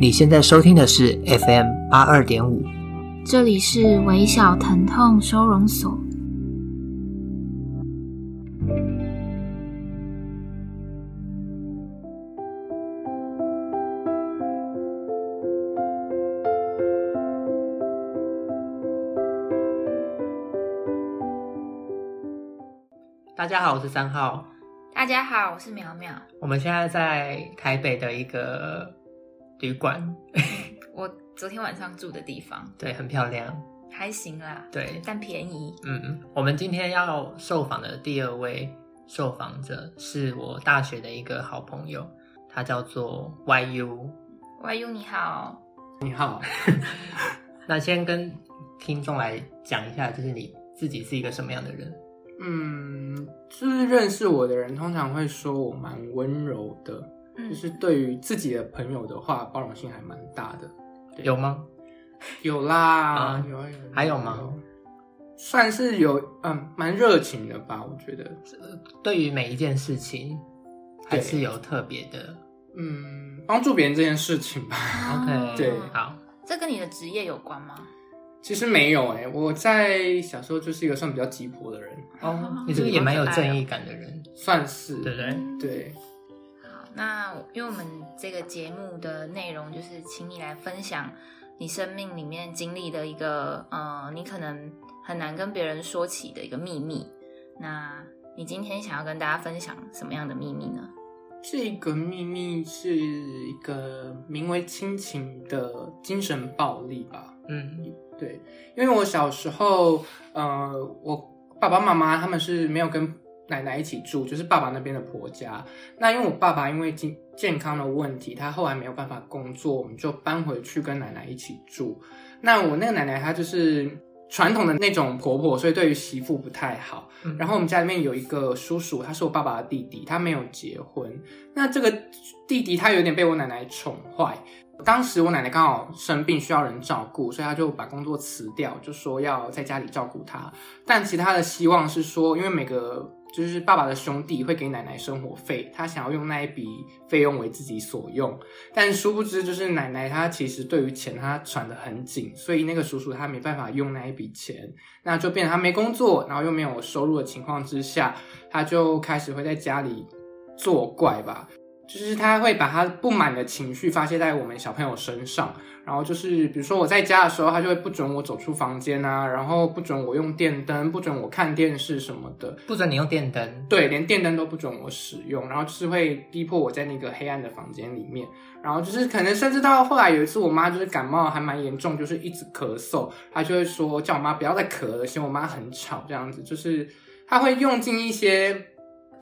你現在收聽的是 FM 八二點五，這裡是微小疼痛收容所。大家好，我是三號。大家好，我是苗苗。我們現在在台北的一個旅館， 我昨天晚上住的地方。對，很漂亮，還行啦。對，但便宜。嗯。我們今天要受訪的第二位受訪者是我大學的一個好朋友，他叫做 YU。YU，你好。你好。 那先跟聽眾來講一下，就是你自己是一個什麼樣的人？嗯，就是認識我的人通常會說我蠻溫柔的，就是對於自己的朋友的話，包容性還蠻大的。有嗎？有啦，嗯，有啊有啊有啊。還有嗎？有，算是有，嗯，蠻熱情的吧，我覺得。對於每一件事情，還是有特別的，嗯，幫助別人這件事情吧。OK，對，好。這跟你的職業有關嗎？其實沒有哎、欸，我在小時候就是一個算比較雞婆的人哦。你這個也蠻有正義感的人，哦、算是對對對。對好，那因為我們這個節目的內容就是請你來分享你生命裡面經歷的一個呃，你可能很難跟別人說起的一個秘密。那你今天想要跟大家分享什麼樣的秘密呢？這個秘密，是一個名為親情的精神暴力吧。嗯。對，因為我小時候，呃，我爸爸媽媽他們是沒有跟奶奶一起住，就是爸爸那邊的婆家。那因為我爸爸因為健健康的問題，他後來沒有辦法工作，我們就搬回去跟奶奶一起住。那我那個奶奶她就是傳統的那種婆婆，所以對於媳婦不太好。嗯、然後我們家裡面有一個叔叔，他是我爸爸的弟弟，他沒有結婚。那這個弟弟他有點被我奶奶寵壞。當時我奶奶剛好生病需要人照顧，所以她就把工作辭掉，就說要在家裡照顧她。但其他的希望是說，因為每個就是爸爸的兄弟會給奶奶生活費，她想要用那一筆費用為自己所用。但殊不知，就是奶奶她其實對於錢她攢得很緊，所以那個叔叔他沒辦法用那一筆錢，那就變成她沒工作，然後又沒有收入的情況之下，她就開始會在家裡作怪吧。就是他會把他不滿的情緒發洩在我們小朋友身上，嗯、然後就是比如說我在家的時候，他就會不准我走出房間啊，然後不准我用電燈，不准我看電視什麼的，不准你用電燈，對，連電燈都不准我使用，然後就是會逼迫我在那個黑暗的房間裡面，然後就是可能甚至到後來有一次，我媽就是感冒還蠻嚴重，就是一直咳嗽，他就會說叫我媽不要再咳了，嫌我媽很吵這樣子，就是他會用盡一些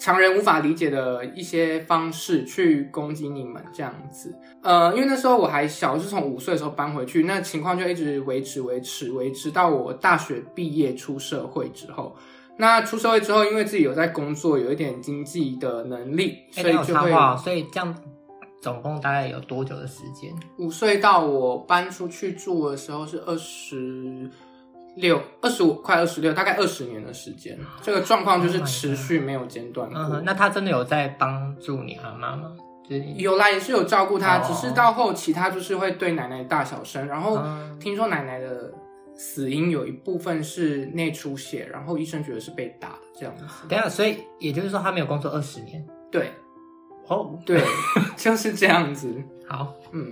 常人無法理解的一些方式去攻擊你們這樣子，呃，因為那時候我還小，我是從五歲的時候搬回去，那情況就一直維持維持維持到我大學畢業出社會之後。那出社會之後，因為自己有在工作，有一點經濟的能力，所以就會。所以這樣總共大概有多久的時間？五歲到我搬出去住的時候是二十。六二十五，6, 25, 快二十六，大概二十年的時間，嗯、這個狀況就是持續沒有間斷，oh。嗯，那他真的有在幫助你和媽媽？有啦，也是有照顧他，哦哦，只是到後期，他就是會對奶奶大小聲。然後、嗯、聽說奶奶的死因有一部分是內出血，然後醫生覺得是被打這樣子。等一下，所以也就是說他沒有工作二十年？對，哦，oh. 對， 就是這樣子。好，嗯。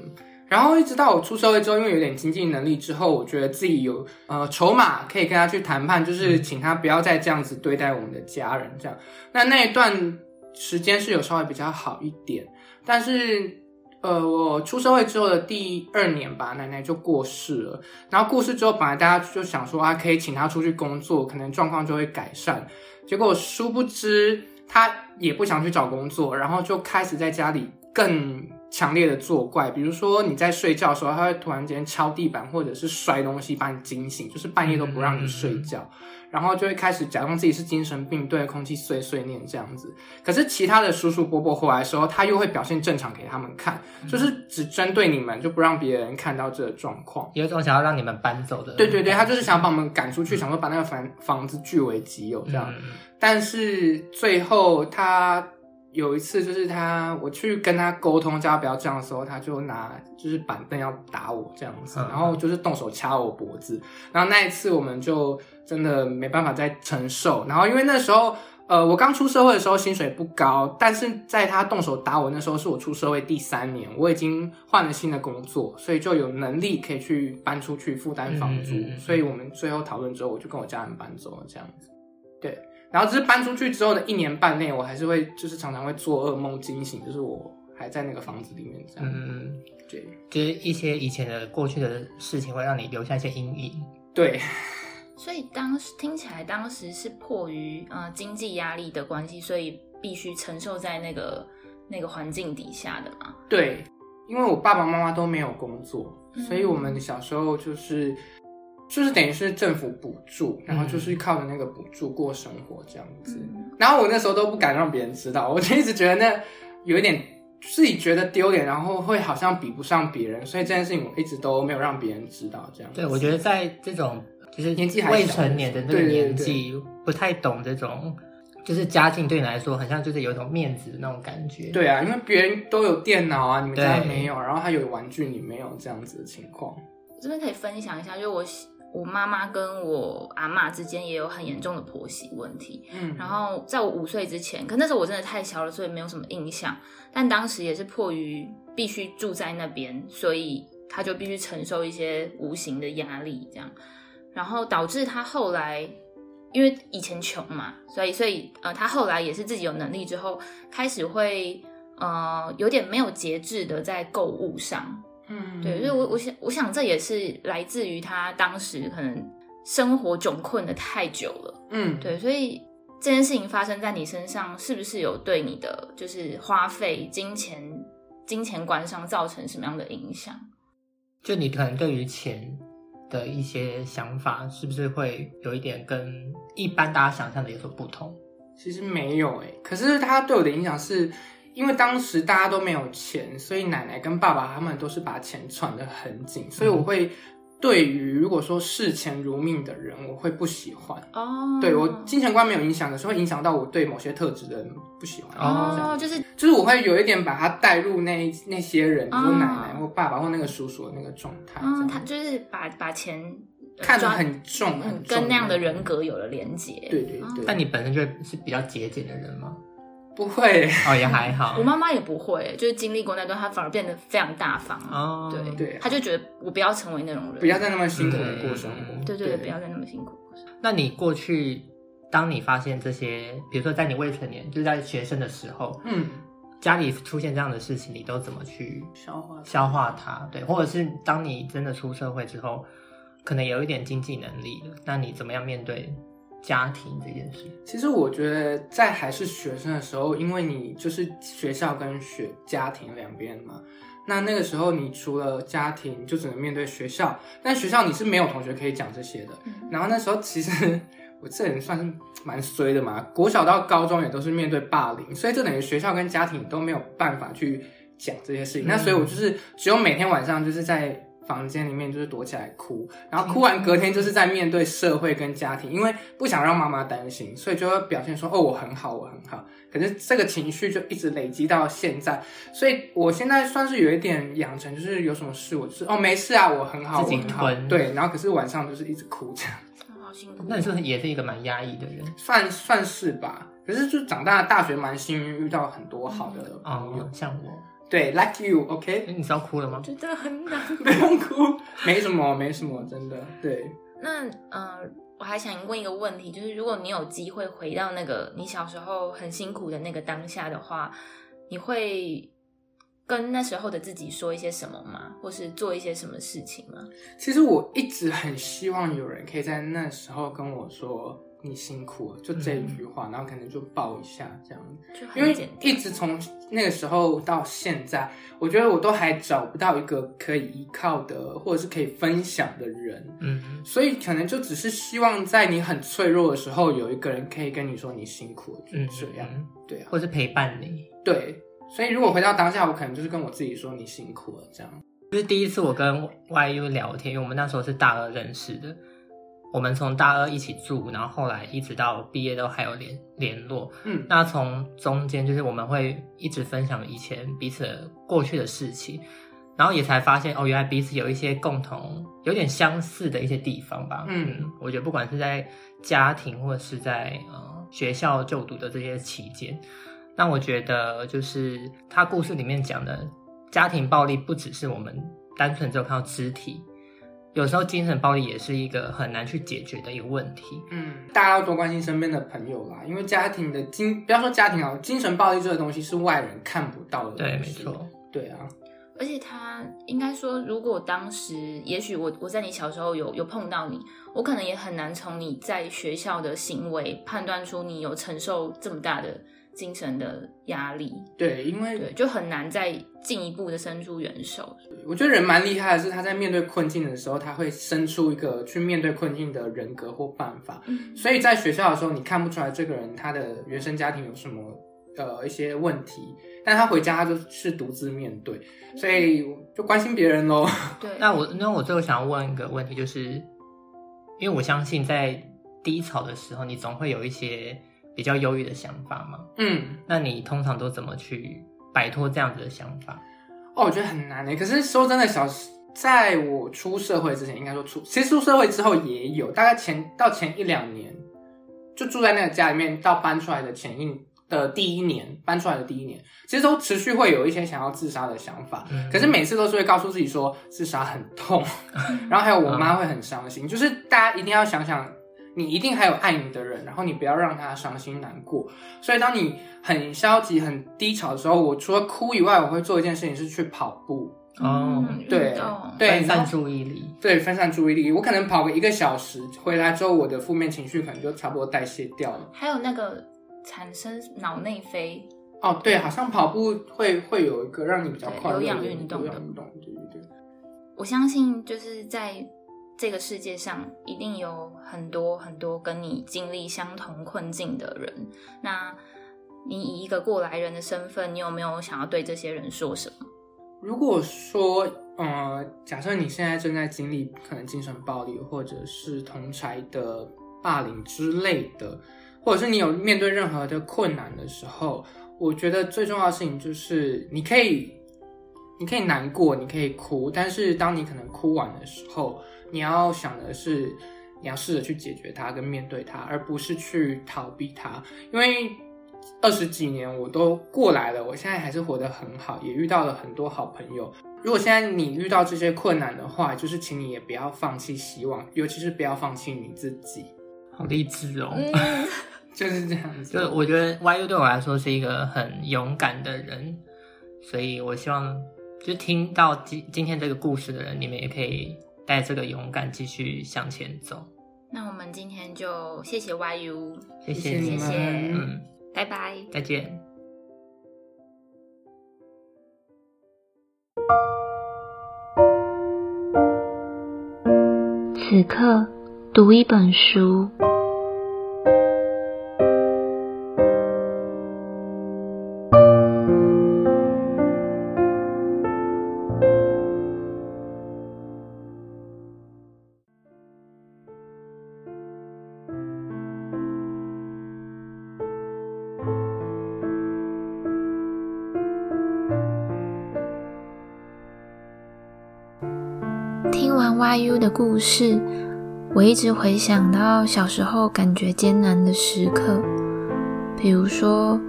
然後一直到我出社會之後，因為有點經濟能力之後，我覺得自己有呃籌碼可以跟他去談判，就是請他不要再這樣子對待我們的家人。這樣，那那一段時間是有稍微比較好一點。但是，呃，我出社會之後的第二年吧，奶奶就過世了。然後過世之後，本來大家就想說啊，可以請他出去工作，可能狀況就會改善。結果殊不知他也不想去找工作，然後就開始在家裡更。強烈的作怪，比如說你在睡覺的時候，他會突然間敲地板，或者是摔東西把你驚醒，就是半夜都不讓你睡覺，嗯嗯、然後就會開始假裝自己是精神病，對，對空氣碎碎念這樣子。可是其他的叔叔伯伯回來的時候，他又會表現正常給他們看，嗯、就是只針對你們，就不讓別人看到這個狀況。有一種想要讓你們搬走的。對對對，他就是想要把我們趕出去，嗯、想說把那個房房子據為己有這樣。嗯、但是最後他。有一次，就是他，我去跟他溝通，叫他不要這樣的時候，他就拿就是板凳，要打我這樣子，啊、然後就是動手掐我脖子，然後那一次我們就真的沒辦法再承受。然後因為那時候，呃，我剛出社會的時候薪水不高，但是在他動手打我那時候，是我出社會第三年，我已經換了新的工作，所以就有能力可以去搬出去負擔房租。嗯、所以我們最後討論之後，我就跟我家人搬走了，這樣子。對。然後只是搬出去之後，的一年半內，我還是會就是常常會做噩夢驚醒，就是我還在那個房子裡面這樣。嗯，對，就是一些以前的過去的事情會讓你留下一些陰影。對，所以當時聽起來，當時是迫於呃經濟壓力的關係，所以必須承受在那個那個環境底下的嘛。對，因為我爸爸媽媽都沒有工作，所以我們小時候就是。嗯就是等於是政府補助，然後就是靠着那個補助過生活這樣子。嗯、然後我那時候都不敢讓別人知道，我就一直覺得那有一點自己覺得丟臉，然後會好像比不上別人，所以這件事情我一直都沒有讓別人知道。這樣子對，我覺得在這種就是年紀還未成年的那個年紀，太對對對不太懂這種，就是家境對你來說，很像就是有一種面子的那種感覺。對啊，因為別人都有電腦啊，你們家也沒有，對然後他有玩具，你沒有這樣子的情況。這邊可以分享一下，就我。我媽媽跟我阿嬤之間也有很嚴重的婆媳問題。嗯，然後在我五歲之前，可那時候我真的太小了，所以沒有什麼印象。但當時也是迫於必須住在那邊，所以他就必須承受一些無形的壓力，這樣，然後導致他後來，因為以前窮嘛，所以所以呃，他後來也是自己有能力之後，開始會呃有點沒有節制的在購物上。嗯，對，所以我，我我想，我想這也是來自於他當時可能生活窘困得太久了。嗯，對，所以這件事情發生在你身上，是不是有對你的就是花費金錢金錢觀上造成什麼樣的影響？就你可能對於錢的一些想法，是不是會有一點跟一般大家想象的有所不同？其實沒有誒、欸，可是他對我的影響是。因為當時大家都沒有錢，所以奶奶跟爸爸他們都是把錢攢得很緊，所以我會對於如果說視錢如命的人，我會不喜歡。哦，對我金錢觀沒有影響，的時候會影響到我對某些特質的人不喜歡。哦，就是以就是我會有一點把它帶入那那些人，比如、哦、奶奶或爸爸或那個叔叔的那個狀態、嗯。他就是把把錢看得很重，很重跟那樣的人格有了連結。對對對。哦、但你本身就是是比較節儉的人嗎？不會，哦，也還好。 我媽媽也不會，就是經歷過那段，她反而變得非常大方。哦，對對，她就覺得我不要成為那種人，不要再那麼辛苦的過生活。對對，不要再那麼辛苦。那你過去，當你發現這些，比如說在你未成年，就是在學生的時候，嗯，家裡出現這樣的事情，你都怎麼去消化消化它？對，或者是當你真的出社會之後，可能有一點經濟能力了，那你怎麼樣面對？家庭這件事，其實我覺得在還是學生的時候，因為你就是學校跟學家庭兩邊嘛，那那個時候你除了家庭，就只能面對學校。但學校你是沒有同學可以講這些的。嗯、然後那時候其實我這人算是蠻衰的嘛，國小到高中也都是面對霸凌，所以就等於學校跟家庭都沒有辦法去講這些事情。嗯、那所以我就是只有每天晚上就是在。房間裡面就是躲起來哭，然後哭完隔天就是在面對社會跟家庭，嗯、因為不想讓媽媽擔心，所以就會表現說：“哦，我很好，我很好。”可是這個情緒就一直累積到現在，所以我現在算是有一點養成，就是有什麼事我就是哦，沒事啊，我很好，我很好，對。然後可是晚上就是一直哭這樣。哦、那你那你是不是也是一個蠻壓抑的人？算算是吧。可是就長大大學蠻幸運，遇到很多好的朋友，哦、像我。對，like you，OK？、Okay？欸，你知道哭了嗎？真的很難，不用哭， 沒什麼，沒什麼，真的。對，那呃，我還想問一個問題，就是如果你有機會回到那個你小時候很辛苦的那個當下的話，你會跟那時候的自己說一些什麼嗎？或是做一些什麼事情嗎？其實我一直很希望有人可以在那時候跟我說。你辛苦了，就這一句話，嗯、然後可能就抱一下這樣，就因為一直從那個時候到現在，我覺得我都還找不到一個可以依靠的，或者是可以分享的人，嗯哼，所以可能就只是希望在你很脆弱的時候，有一個人可以跟你說你辛苦了，嗯，這樣，對，或是陪伴你，對，所以如果回到當下，我可能就是跟我自己說你辛苦了，這樣。就是第一次我跟 YU 聊天，因為我們那時候是大二認識的。我們從大二一起住，然後後來一直到畢業都還有聯聯絡。嗯，那從中間就是我們會一直分享以前彼此的過去的事情，然後也才發現哦，原來彼此有一些共同、有點相似的一些地方吧。嗯，我覺得不管是在家庭或者是在呃學校就讀的這些期間，那我覺得就是他故事裡面講的家庭暴力不只是我們單純只有看到肢體，有時候精神暴力也是一個很難去解決的一個問題。嗯，大家要多關心身邊的朋友啦，因為家庭的精，不要說家庭啊，精神暴力這個東西是外人看不到的。對，沒錯。對啊。而且他應該說，如果當時，也許我我在你小時候有有碰到你，我可能也很難從你在學校的行為判斷出你有承受這麼大的。精神的壓力，對，因為對就很難再進一步的伸出援手。我覺得人蠻厲害的，是他在面對困境的時候，他會伸出一個去面對困境的人格或辦法。嗯，所以在學校的時候，你看不出來這個人他的原生家庭有什麼呃一些問題，但他回家他就是獨自面對，所以就關心別人嘍。對， 那我那我最後想要問一個問題，就是因為我相信在低潮的時候，你總會有一些。比較憂鬱的想法嗎？嗯，那你通常都怎麼去擺脫這樣子的想法？哦，我覺得很難呢。可是說真的小，小在我出社會之前，應該說出其實出社會之後也有，大概前到前一兩年，就住在那個家裡面，到搬出來的前一的第一年，搬出來的第一年，其實都持續會有一些想要自殺的想法。嗯，可是每次都是會告訴自己說，自殺很痛， 然後還有我媽會很傷心。嗯，就是大家一定要想想。你一定還有愛你的人，然後你不要讓他傷心難過。所以，當你很消極、很低潮的時候，我除了哭以外，我會做一件事情是去跑步。嗯、對哦，對，對，分散注意力，對，分散注意力。我可能跑個一個小時，回來之後，我的負面情緒可能就差不多代謝掉了。還有那個產生腦內啡。哦，對，好像跑步會會有一個讓你比較快樂的有氧運動。有氧運動對，對對。我相信就是在。這個世界上一定有很多很多跟你經歷相同困境的人。那，你以一個過來人的身份，你有沒有想要對這些人說什麼？如果說，呃，假設你現在正在經歷可能精神暴力，或者是同儕的霸凌之類的，或者是你有面對任何的困難的時候，我覺得最重要的事情就是你可以，你可以難過，你可以哭，但是當你可能哭完的時候，你要想的是，你要試着去解決它跟面對它，而不是去逃避它。因為二十幾年我都過來了，我現在還是活得很好，也遇到了很多好朋友。如果現在你遇到這些困難的話，就是請你也不要放棄希望，尤其是不要放棄你自己。好勵志哦，嗯、 就是這樣子。就我覺得 YU 對我來說是一個很勇敢的人，所以我希望就聽到今今天這個故事的人，你們也可以。帶這個勇敢繼續向前走。那我們今天就謝謝 YU，謝謝謝謝，謝謝嗯，拜拜，再見。此刻讀一本書。像 YU 的故事，我一直回想到小時候感覺艱難的時刻，比如說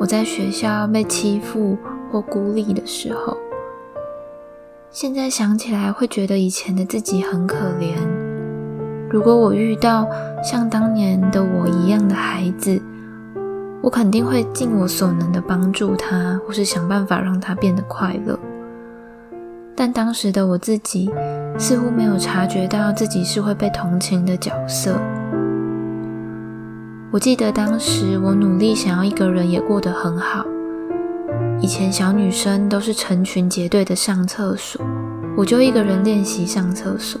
我在學校被欺負或孤立的時候。現在想起來會覺得以前的自己很可憐。如果我遇到像當年的我一樣的孩子，我肯定會盡我所能的幫助他，或是想辦法讓他變得快樂。但當時的我自己。似乎沒有察覺到自己是會被同情的角色。我記得當時我努力想要一個人也過得很好。以前小女生都是成群結隊的上廁所，我就一個人練習上廁所。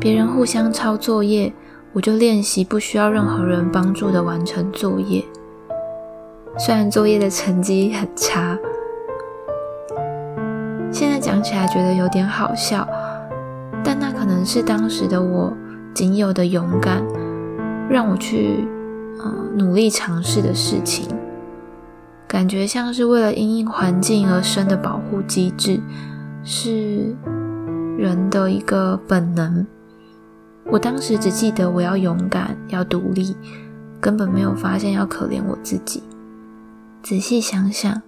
別人互相抄作業，我就練習不需要任何人幫助的完成作業。雖然作業的成績很差，現在講起來覺得有點好笑。但那可能是當時的我僅有的勇敢，讓我去嗯、呃、努力嘗試的事情，感覺像是為了因應環境而生的保護機制，是人的一個本能。我當時只記得我要勇敢，要獨立，根本沒有發現要可憐我自己。仔細想想，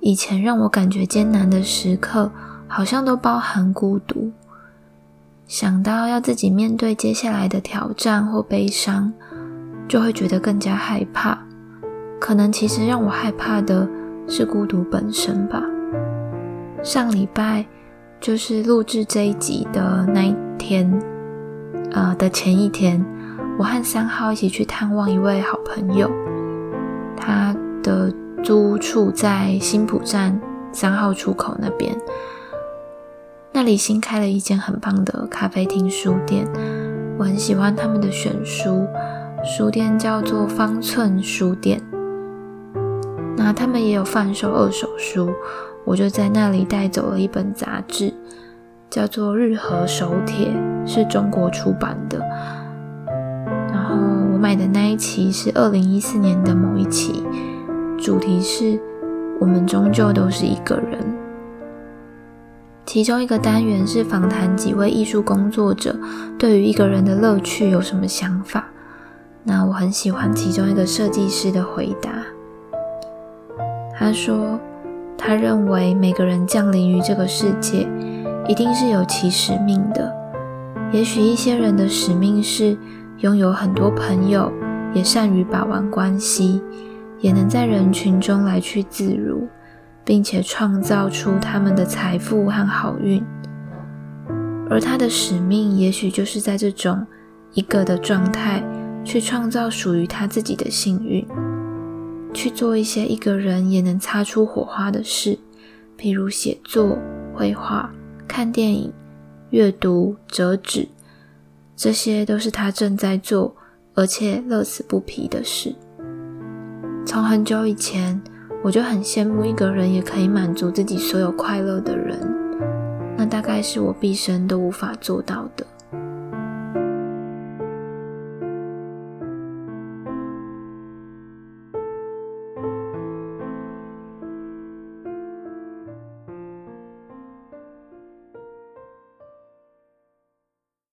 以前讓我感覺艱難的時刻，好像都包含孤獨。想到要自己面對接下來的挑戰或悲傷，就會覺得更加害怕。可能其實讓我害怕的是孤獨本身吧。上禮拜就是錄制這一集的那一天，呃，的前一天，我和三號一起去探望一位好朋友，他的租屋處在新埔站三號出口那邊。那裡新開了一間很棒的咖啡廳書店，我很喜歡他們的選書。書店叫做方寸書店，那他們也有販售二手書，我就在那裡帶走了一本雜誌，叫做《日和手帖》，是中國出版的。然後我買的那一期是二零一四年的某一期，主題是“我們終究都是一個人”。其中一個單元是訪談幾位藝術工作者，對於一個人的樂趣有什麼想法？那我很喜歡其中一個設計師的回答。他說：“他認為每個人降臨於這個世界，一定是有其使命的。也許一些人的使命是擁有很多朋友，也善於把玩關係，也能在人群中來去自如。”並且創造出他們的財富和好運，而他的使命也許就是在這種一個的狀態，去創造屬於他自己的幸運，去做一些一個人也能擦出火花的事，譬如寫作、繪畫、看電影、閱讀、折紙，這些都是他正在做而且樂此不疲的事。從很久以前。我就很羨慕一個人也可以滿足自己所有快樂的人，那大概是我畢生都無法做到的。